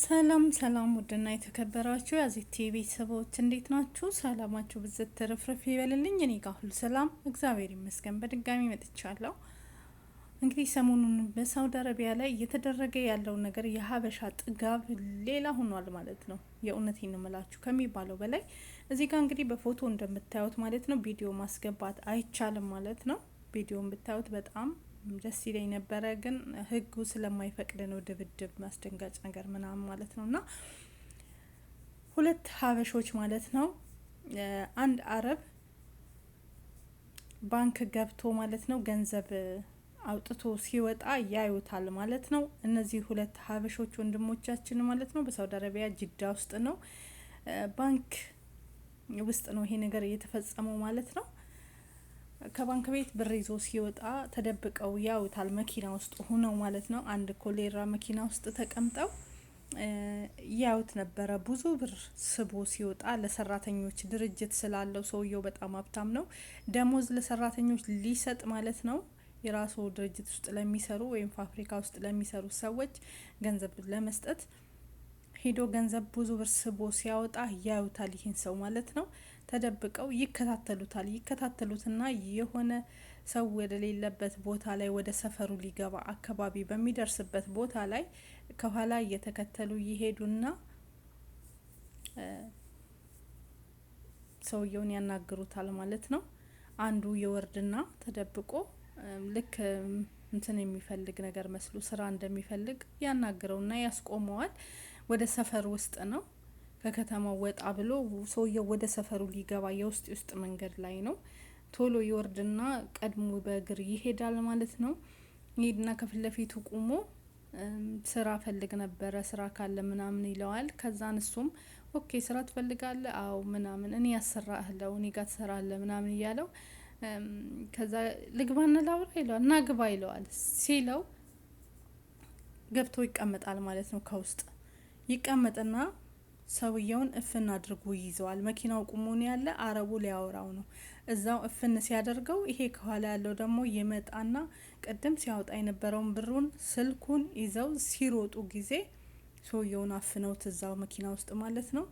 ሰላም ሰላም፣ ውድና የተከበራችሁ ቲቪ ቤተሰቦች እንዴት ናችሁ? ሰላማችሁ ብዝት ትርፍርፍ ይበልልኝ። እኔ ጋር ሁሉ ሰላም እግዚአብሔር ይመስገን። በድጋሚ መጥቻለሁ። እንግዲህ ሰሞኑን በሳውዲ አረቢያ ላይ እየተደረገ ያለው ነገር የሀበሻ ጥጋብ ሌላ ሆኗል ማለት ነው። የእውነቴን እምላችሁ ከሚባለው በላይ እዚህ ጋር እንግዲህ በፎቶ እንደምታዩት ማለት ነው ቪዲዮ ማስገባት አይቻልም ማለት ነው። ቪዲዮን ብታዩት በጣም ደስ ይለኝ ነበረ፣ ግን ህጉ ስለማይፈቅድ ነው ድብድብ፣ ማስደንጋጭ ነገር ምናምን ማለት ነው እና ሁለት ሀበሾች ማለት ነው አንድ አረብ ባንክ ገብቶ ማለት ነው ገንዘብ አውጥቶ ሲወጣ ያዩታል ማለት ነው። እነዚህ ሁለት ሀበሾች ወንድሞቻችን ማለት ነው በሳውዲ አረቢያ ጅዳ ውስጥ ነው ባንክ ውስጥ ነው ይሄ ነገር እየተፈጸመው ማለት ነው። ከባንክ ቤት ብር ይዞ ሲወጣ ተደብቀው ያውታል። መኪና ውስጥ ሆነው ማለት ነው። አንድ ኮሌራ መኪና ውስጥ ተቀምጠው ያውት ነበረ። ብዙ ብር ስቦ ሲወጣ ለሰራተኞች ድርጅት ስላለው ሰውየው በጣም ሀብታም ነው። ደሞዝ ለሰራተኞች ሊሰጥ ማለት ነው። የራሱ ድርጅት ውስጥ ለሚሰሩ ወይም ፋብሪካ ውስጥ ለሚሰሩ ሰዎች ገንዘብ ለመስጠት ሄዶ ገንዘብ ብዙ ብር ስቦ ሲያወጣ ያዩታል። ይህን ሰው ማለት ነው። ተደብቀው ይከታተሉታል። ይከታተሉትና የሆነ ሰው ወደሌለበት ቦታ ላይ ወደ ሰፈሩ ሊገባ አካባቢ በሚደርስበት ቦታ ላይ ከኋላ እየተከተሉ ይሄዱና ሰውየውን ያናግሩታል ማለት ነው። አንዱ የወርድና ተደብቆ ልክ እንትን የሚፈልግ ነገር መስሎ ስራ እንደሚፈልግ ያናግረውና ያስቆመዋል። ወደ ሰፈር ውስጥ ነው ከከተማው ወጣ ብሎ ሰውየው ወደ ሰፈሩ ሊገባ የውስጥ ውስጥ መንገድ ላይ ነው። ቶሎ ይወርድና ቀድሞ በእግር ይሄዳል ማለት ነው። ይሄድና ከፊት ለፊቱ ቁሞ ስራ ፈልግ ነበረ ስራ ካለ ምናምን ይለዋል። ከዛን እሱም ኦኬ ስራ ትፈልጋለ? አዎ ምናምን እኔ ያሰራህለው እኔ ጋር ትሰራለ ምናምን እያለው ከዛ ልግባና ላውራ ይለዋል። እና ግባ ይለዋል። ሲለው ገብቶ ይቀመጣል ማለት ነው። ከውስጥ ይቀመጥና ሰውየውን እፍን አድርጎ ይይዘዋል መኪናው ቁሙን ያለ አረቡ ሊያወራው ነው። እዛው እፍን ሲያደርገው ይሄ ከኋላ ያለው ደግሞ የመጣና ቅድም ሲያወጣ የነበረውን ብሩን ስልኩን ይዘው ሲሮጡ ጊዜ ሰውየውን አፍነውት እዛው መኪና ውስጥ ማለት ነው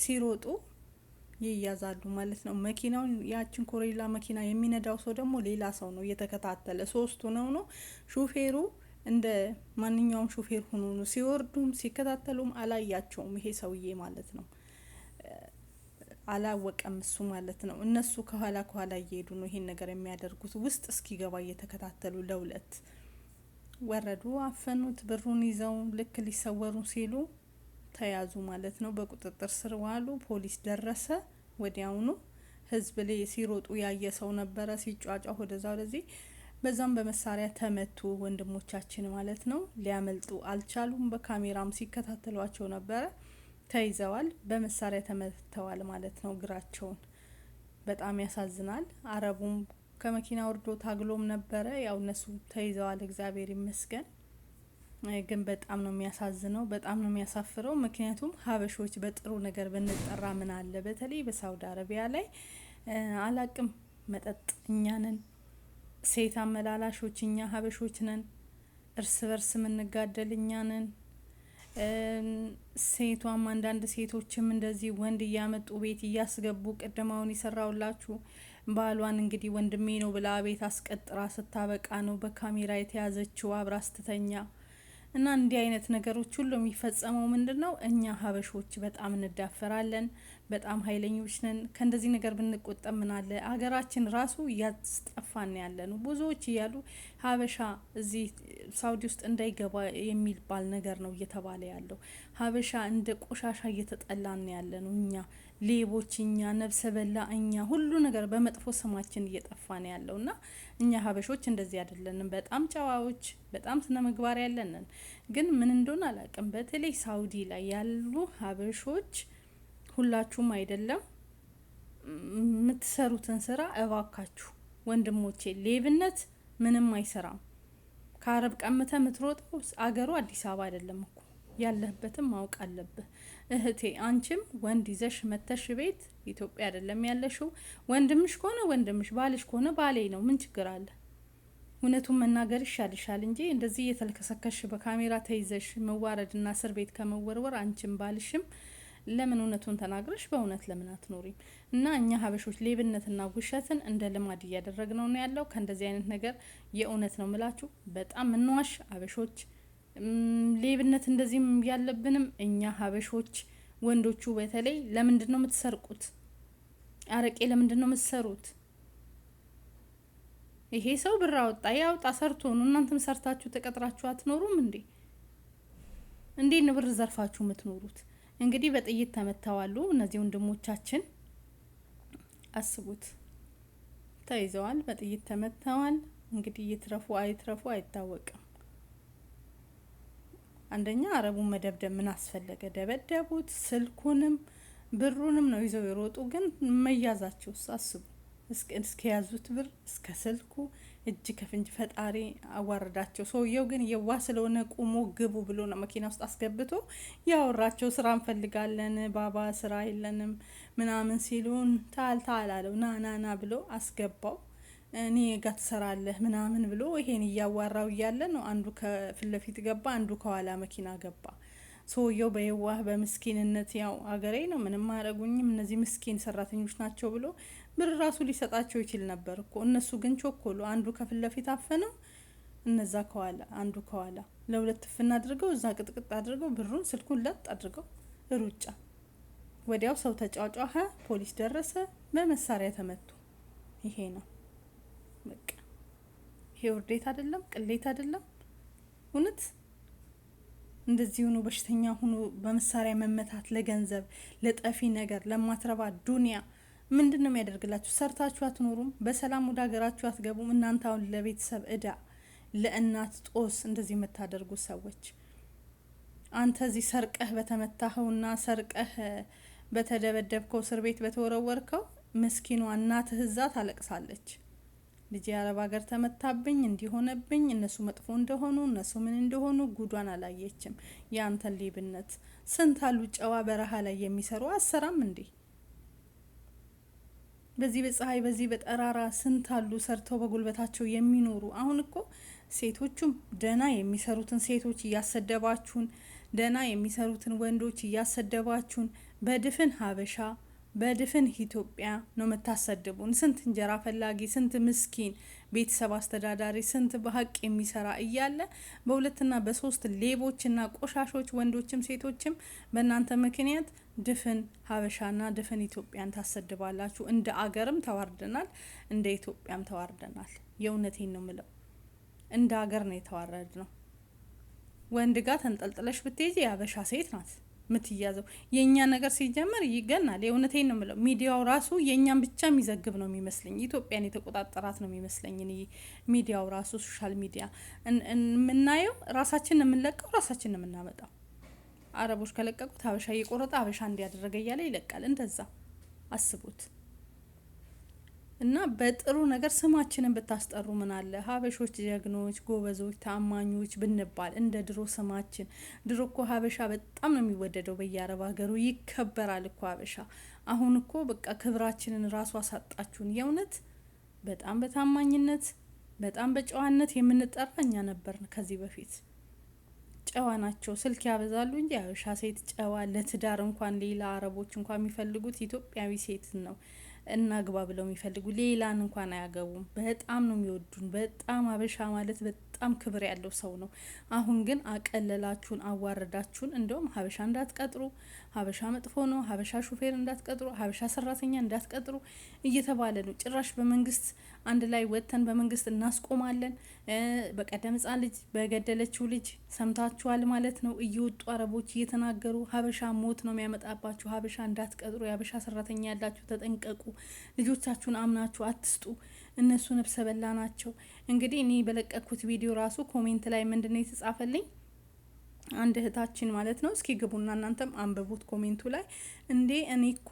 ሲሮጡ ይያዛሉ ማለት ነው። መኪናውን ያችን ኮሬላ መኪና የሚነዳው ሰው ደግሞ ሌላ ሰው ነው እየተከታተለ ሶስቱ ነው ነው ሹፌሩ እንደ ማንኛውም ሾፌር ሆኖ ነው ሲወርዱም ሲከታተሉም አላያቸውም። ይሄ ሰውዬ ማለት ነው አላወቀም እሱ ማለት ነው። እነሱ ከኋላ ከኋላ እየሄዱ ነው ይሄን ነገር የሚያደርጉት ውስጥ እስኪገባ እየተከታተሉ ለሁለት ወረዱ፣ አፈኑት። ብሩን ይዘው ልክ ሊሰወሩ ሲሉ ተያዙ ማለት ነው። በቁጥጥር ስር ዋሉ። ፖሊስ ደረሰ ወዲያውኑ። ህዝብ ላይ ሲሮጡ ያየ ሰው ነበረ፣ ሲጫጫ ወደዛ ወደዚህ በዛም በመሳሪያ ተመቱ ወንድሞቻችን ማለት ነው። ሊያመልጡ አልቻሉም። በካሜራም ሲከታተሏቸው ነበረ። ተይዘዋል፣ በመሳሪያ ተመተዋል ማለት ነው እግራቸውን። በጣም ያሳዝናል። አረቡም ከመኪና ወርዶ ታግሎም ነበረ። ያው እነሱ ተይዘዋል፣ እግዚአብሔር ይመስገን። ግን በጣም ነው የሚያሳዝነው፣ በጣም ነው የሚያሳፍረው። ምክንያቱም ሀበሾች በጥሩ ነገር ብንጠራ ምን አለ። በተለይ በሳውዲ አረቢያ ላይ አላቅም መጠጥ እኛንን ሴት አመላላሾች እኛ ሀበሾች ነን። እርስ በርስ የምንጋደል እኛ ነን። ሴቷም አንዳንድ ሴቶችም እንደዚህ ወንድ እያመጡ ቤት እያስገቡ ቅድማውን ይሰራውላችሁ ባሏን እንግዲህ ወንድሜ ነው ብላ ቤት አስቀጥራ ስታበቃ ነው በካሜራ የተያዘችው አብራ ስትተኛ እና እንዲህ አይነት ነገሮች ሁሉ የሚፈጸመው ምንድን ነው? እኛ ሀበሾች በጣም እንዳፈራለን፣ በጣም ሀይለኞች ነን። ከእንደዚህ ነገር ብንቆጠብ ምናለ። ሀገራችን ራሱ እያስጠፋን ያለ ነው። ብዙዎች እያሉ ሀበሻ እዚህ ሳውዲ ውስጥ እንዳይገባ የሚባል ነገር ነው እየተባለ ያለው። ሀበሻ እንደ ቆሻሻ እየተጠላን ያለ ነው እኛ ሌቦች እኛ፣ ነብሰ በላ እኛ፣ ሁሉ ነገር በመጥፎ ስማችን እየጠፋ ነው ያለው እና እኛ ሀበሾች እንደዚህ አይደለንም። በጣም ጨዋዎች፣ በጣም ስነ ምግባር ያለንን ግን ምን እንደሆን አላውቅም። በተለይ ሳውዲ ላይ ያሉ ሀበሾች ሁላችሁም አይደለም የምትሰሩትን ስራ እባካችሁ ወንድሞቼ፣ ሌብነት ምንም አይሰራም። ከአረብ ቀምተ የምትሮጠው አገሩ አዲስ አበባ አይደለም እኮ ያለህበትም ማወቅ አለብህ። እህቴ አንቺም ወንድ ይዘሽ መተሽ ቤት ኢትዮጵያ አይደለም ያለሽው። ወንድምሽ ከሆነ ወንድምሽ፣ ባልሽ ከሆነ ባሌ ነው። ምን ችግር አለ? እውነቱን መናገር ይሻልሻል እንጂ እንደዚህ እየተልከሰከሽ በካሜራ ተይዘሽ መዋረድና እስር ቤት ከመወርወር አንቺም ባልሽም ለምን እውነቱን ተናግረሽ በእውነት ለምን አትኖሪም? እና እኛ ሀበሾች ሌብነትና ውሸትን እንደ ልማድ እያደረግነው ነው ያለው። ከእንደዚህ አይነት ነገር የእውነት ነው ምላችሁ በጣም ምንዋሽ ሀበሾች ሌብነት እንደዚህም ያለብንም እኛ ሀበሾች ወንዶቹ በተለይ ለምንድን ነው የምትሰርቁት? አረቄ ለምንድን ነው የምትሰሩት? ይሄ ሰው ብር አወጣ ያውጣ፣ ሰርቶ ነው። እናንተም ሰርታችሁ ተቀጥራችሁ አትኖሩም እንዴ? እንዴ ነው ብር ዘርፋችሁ የምትኖሩት? እንግዲህ በጥይት ተመተዋሉ እነዚህ ወንድሞቻችን አስቡት። ተይዘዋል፣ በጥይት ተመተዋል። እንግዲህ ይትረፉ አይትረፉ አይታወቅም። አንደኛ አረቡን መደብደብ ምን አስፈለገ? ደበደቡት። ስልኩንም ብሩንም ነው ይዘው የሮጡ። ግን መያዛቸው አስቡ። እስከያዙት ብር እስከ ስልኩ እጅ ከፍንጅ ፈጣሪ አዋረዳቸው። ሰውየው ግን የዋ ስለሆነ ቁሞ ግቡ ብሎ ነው መኪና ውስጥ አስገብቶ ያወራቸው። ስራ እንፈልጋለን ባባ ስራ የለንም ምናምን ሲሉን ታል ታል አለው ና ና ና ብሎ አስገባው። እኔ ጋ ትሰራለህ ምናምን ብሎ ይሄን እያዋራው እያለ ነው አንዱ ከፊት ለፊት ገባ፣ አንዱ ከኋላ መኪና ገባ። ሰውየው በየዋህ በምስኪንነት ያው አገሬ ነው ምንም አረጉኝም እነዚህ ምስኪን ሰራተኞች ናቸው ብሎ ብር ራሱ ሊሰጣቸው ይችል ነበር እኮ። እነሱ ግን ቾኮሉ። አንዱ ከፊት ለፊት አፈነው፣ እነዛ ከኋላ አንዱ ከኋላ ለሁለት ትፍን አድርገው እዛ ቅጥቅጥ አድርገው ብሩን ስልኩን ለጥ አድርገው ሩጫ። ወዲያው ሰው ተጫጫኸ፣ ፖሊስ ደረሰ፣ በመሳሪያ ተመቱ። ይሄ ነው በቃ ይሄ ውርዴት አይደለም፣ ቅሌት አይደለም። እውነት እንደዚህ ሆኖ በሽተኛ ሆኖ በመሳሪያ መመታት ለገንዘብ ለጠፊ ነገር ለማትረባ ዱንያ ምንድን ነው የሚያደርግላችሁ? ሰርታችሁ አትኖሩም፣ በሰላም ወደ ሀገራችሁ አትገቡም። እናንተ አሁን ለቤተሰብ እዳ ለእናት ጦስ እንደዚህ የምታደርጉ ሰዎች አንተ እዚህ ሰርቀህ በተመታኸውና ሰርቀህ በተደበደብከው እስር ቤት በተወረወርከው ምስኪኗ እናትህ እዛ ታለቅሳለች። ልጅ የአረብ ሀገር ተመታብኝ እንዲሆነብኝ እነሱ መጥፎ እንደሆኑ እነሱ ምን እንደሆኑ ጉዷን አላየችም። የአንተን ሌብነት ስንት አሉ ጨዋ በረሃ ላይ የሚሰሩ አሰራም እንዴ በዚህ በፀሐይ በዚህ በጠራራ ስንት አሉ ሰርተው በጉልበታቸው የሚኖሩ። አሁን እኮ ሴቶቹም ደህና የሚሰሩትን ሴቶች እያሰደባችሁን፣ ደህና የሚሰሩትን ወንዶች እያሰደባችሁን በድፍን ሀበሻ በድፍን ኢትዮጵያ ነው የምታሰድቡን። ስንት እንጀራ ፈላጊ፣ ስንት ምስኪን ቤተሰብ አስተዳዳሪ፣ ስንት በሀቅ የሚሰራ እያለ በሁለትና በሶስት ሌቦችና ቆሻሾች ወንዶችም ሴቶችም በእናንተ ምክንያት ድፍን ሀበሻና ድፍን ኢትዮጵያን ታሰድባላችሁ። እንደ አገርም ተዋርደናል፣ እንደ ኢትዮጵያም ተዋርደናል። የእውነቴን ነው ምለው፣ እንደ አገር ነው የተዋረድ ነው። ወንድ ጋር ተንጠልጥለሽ ብትሄጂ የሀበሻ ሴት ናት። የምትያዘው የእኛ ነገር ሲጀመር ይገናል። የእውነቴን ነው የምለው። ሚዲያው ራሱ የእኛን ብቻ የሚዘግብ ነው የሚመስለኝ። ኢትዮጵያን የተቆጣጠራት ነው የሚመስለኝ ሚዲያው ራሱ ሶሻል ሚዲያ የምናየው ራሳችን የምንለቀው ራሳችን የምናመጣው አረቦች ከለቀቁት ሀበሻ እየቆረጠ ሀበሻ እንዲያደረገ እያለ ይለቃል። እንደዛ አስቡት። እና በጥሩ ነገር ስማችንን ብታስጠሩ ምን አለ? ሀበሾች ጀግኖች፣ ጎበዞች፣ ታማኞች ብንባል እንደ ድሮ ስማችን። ድሮ እኮ ሀበሻ በጣም ነው የሚወደደው በየአረብ ሀገሩ ይከበራል እኮ ሀበሻ። አሁን እኮ በቃ ክብራችንን ራሱ አሳጣችሁን። የእውነት በጣም በታማኝነት በጣም በጨዋነት የምንጠራ እኛ ከዚህ በፊት። ጨዋ ናቸው። ስልክ ያበዛሉ እንጂ ሀበሻ ሴት ጨዋ፣ ለትዳር እንኳን ሌላ አረቦች እንኳን የሚፈልጉት ኢትዮጵያዊ ሴት ነው። እናግባ ብለው የሚፈልጉ ሌላን እንኳን አያገቡም። በጣም ነው የሚወዱን። በጣም አበሻ ማለት በጣም ክብር ያለው ሰው ነው። አሁን ግን አቀለላችሁን፣ አዋረዳችሁን። እንደውም ሀበሻ እንዳትቀጥሩ፣ ሀበሻ መጥፎ ነው፣ ሀበሻ ሹፌር እንዳትቀጥሩ፣ ሀበሻ ሰራተኛ እንዳትቀጥሩ እየተባለ ነው። ጭራሽ በመንግስት አንድ ላይ ወጥተን በመንግስት እናስቆማለን። በቀደም ጻ ልጅ በገደለችው ልጅ ሰምታችኋል ማለት ነው። እየወጡ አረቦች እየተናገሩ ሀበሻ ሞት ነው የሚያመጣባችሁ፣ ሀበሻ እንዳትቀጥሩ፣ የሀበሻ ሰራተኛ ያላችሁ ተጠንቀቁ ልጆቻችሁን አምናችሁ አትስጡ። እነሱ ነብሰ በላ ናቸው። እንግዲህ እኔ በለቀኩት ቪዲዮ ራሱ ኮሜንት ላይ ምንድን ነው የተጻፈልኝ? አንድ እህታችን ማለት ነው። እስኪ ግቡና እናንተም አንብቡት ኮሜንቱ ላይ እንዴ እኔ እኮ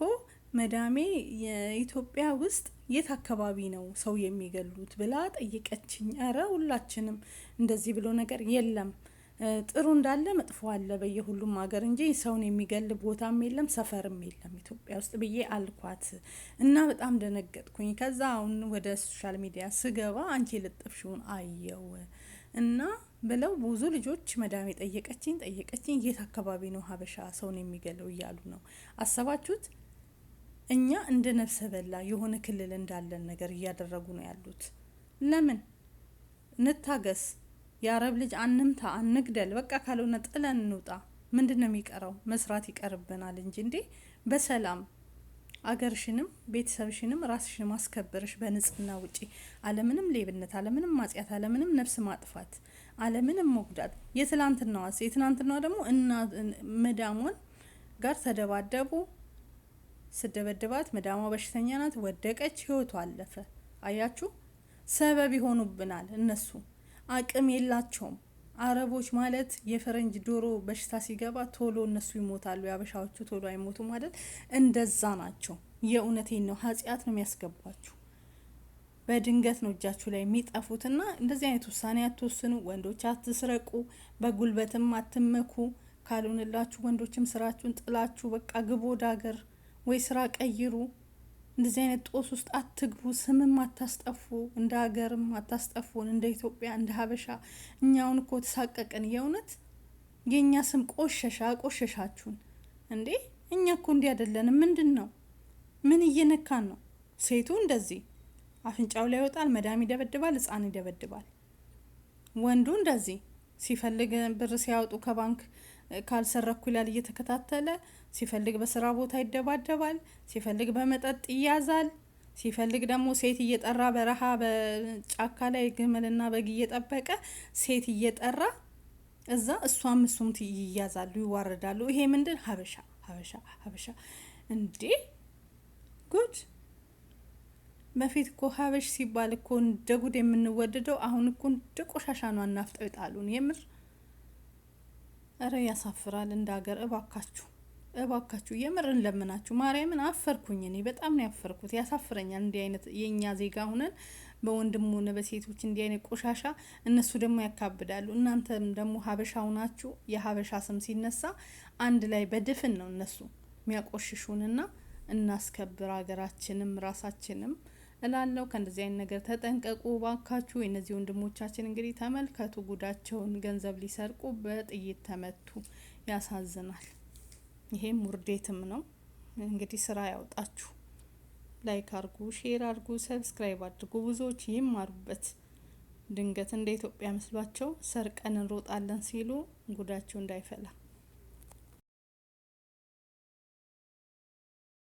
መዳሜ የኢትዮጵያ ውስጥ የት አካባቢ ነው ሰው የሚገሉት ብላ ጠይቀችኝ። ኧረ ሁላችንም እንደዚህ ብሎ ነገር የለም ጥሩ እንዳለ መጥፎ አለ በየሁሉም ሀገር እንጂ ሰውን የሚገል ቦታም የለም ሰፈርም የለም ኢትዮጵያ ውስጥ ብዬ አልኳት እና በጣም ደነገጥኩኝ። ከዛ አሁን ወደ ሶሻል ሚዲያ ስገባ አንቺ የለጠፍሽውን አየው እና ብለው ብዙ ልጆች መዳም የጠየቀችኝ ጠየቀችኝ የት አካባቢ ነው ሀበሻ ሰውን የሚገለው እያሉ ነው። አሰባችሁት እኛ እንደ ነፍሰ በላ የሆነ ክልል እንዳለን ነገር እያደረጉ ነው ያሉት። ለምን እንታገስ? የአረብ ልጅ አንምታ፣ አንግደል፣ በቃ ካልሆነ ጥለን እንውጣ። ምንድን ነው የሚቀረው? መስራት ይቀርብናል እንጂ እንዴ በሰላም አገርሽንም ቤተሰብሽንም ራስሽን ማስከበርሽ በንጽህና ውጪ፣ አለምንም ሌብነት፣ አለምንም ማጽያት፣ አለምንም ነፍስ ማጥፋት፣ አለምንም መጉዳት። የትላንትናዋስ የትናንትናዋ ደግሞ እና መዳሟን ጋር ተደባደቡ። ስደበድባት መዳሟ በሽተኛ ናት፣ ወደቀች፣ ህይወቷ አለፈ። አያችሁ፣ ሰበብ ይሆኑብናል እነሱ። አቅም የላቸውም። አረቦች ማለት የፈረንጅ ዶሮ በሽታ ሲገባ ቶሎ እነሱ ይሞታሉ፣ ያበሻዎቹ ቶሎ አይሞቱም ማለት እንደዛ ናቸው። የእውነቴን ነው። ኃጢአት ነው የሚያስገባችሁ። በድንገት ነው እጃችሁ ላይ የሚጠፉትና እንደዚህ አይነት ውሳኔ አትወስኑ። ወንዶች አትስረቁ፣ በጉልበትም አትመኩ። ካልሆንላችሁ ወንዶችም ስራችሁን ጥላችሁ በቃ ግቡ ወደ ሀገር ወይ ስራ ቀይሩ። እንደዚህ አይነት ጦስ ውስጥ አትግቡ። ስምም አታስጠፉ፣ እንደ ሀገርም አታስጠፉን፣ እንደ ኢትዮጵያ፣ እንደ ሀበሻ። እኛውን እኮ ተሳቀቅን። የእውነት የእኛ ስም ቆሸሻ ቆሸሻችሁን እንዴ! እኛ እኮ እንዲህ አይደለንም። ምንድን ነው? ምን እየነካን ነው? ሴቱ እንደዚህ አፍንጫው ላይ ይወጣል፣ መዳም ይደበድባል፣ ህፃን ይደበድባል። ወንዱ እንደዚህ ሲፈልግ ብር ሲያወጡ ከባንክ ካልሰረኩ ይላል እየተከታተለ ሲፈልግ በስራ ቦታ ይደባደባል፣ ሲፈልግ በመጠጥ ይያዛል፣ ሲፈልግ ደግሞ ሴት እየጠራ በረሃ በጫካ ላይ ግመልና በግ እየጠበቀ ሴት እየጠራ እዛ እሷም እሱም ይያዛሉ፣ ይዋረዳሉ። ይሄ ምንድን ሀበሻ ሀበሻ ሀበሻ እንዴ ጉድ! በፊት እኮ ሀበሽ ሲባል እኮ እንደ ጉድ የምንወደደው አሁን እኮ እንደ ቆሻሻ ነው አናፍጠው ይጣሉን የምር እረ ያሳፍራል። እንደ ሀገር እባካችሁ እባካችሁ የምር እንለምናችሁ ማርያምን አፈርኩኝ። እኔ በጣም ነው ያፈርኩት። ያሳፍረኛል። እንዲህ አይነት የእኛ ዜጋ ሁነን በወንድም ሆነ በሴቶች እንዲህ አይነት ቆሻሻ እነሱ ደግሞ ያካብዳሉ። እናንተም ደግሞ ሀበሻው ናችሁ። የሀበሻ ስም ሲነሳ አንድ ላይ በድፍን ነው እነሱ የሚያቆሽሹንና እናስከብር ሀገራችንም ራሳችንም እላለሁ። ከእንደዚህ አይነት ነገር ተጠንቀቁ ባካችሁ። የእነዚህ ወንድሞቻችን እንግዲህ ተመልከቱ ጉዳቸውን፣ ገንዘብ ሊሰርቁ በጥይት ተመቱ። ያሳዝናል። ይሄም ውርዴትም ነው። እንግዲህ ስራ ያውጣችሁ። ላይክ አርጉ፣ ሼር አርጉ፣ ሰብስክራይብ አድርጉ። ብዙዎች ይማሩበት። ድንገት እንደ ኢትዮጵያ መስሏቸው ሰርቀን እንሮጣለን ሲሉ ጉዳቸው እንዳይፈላ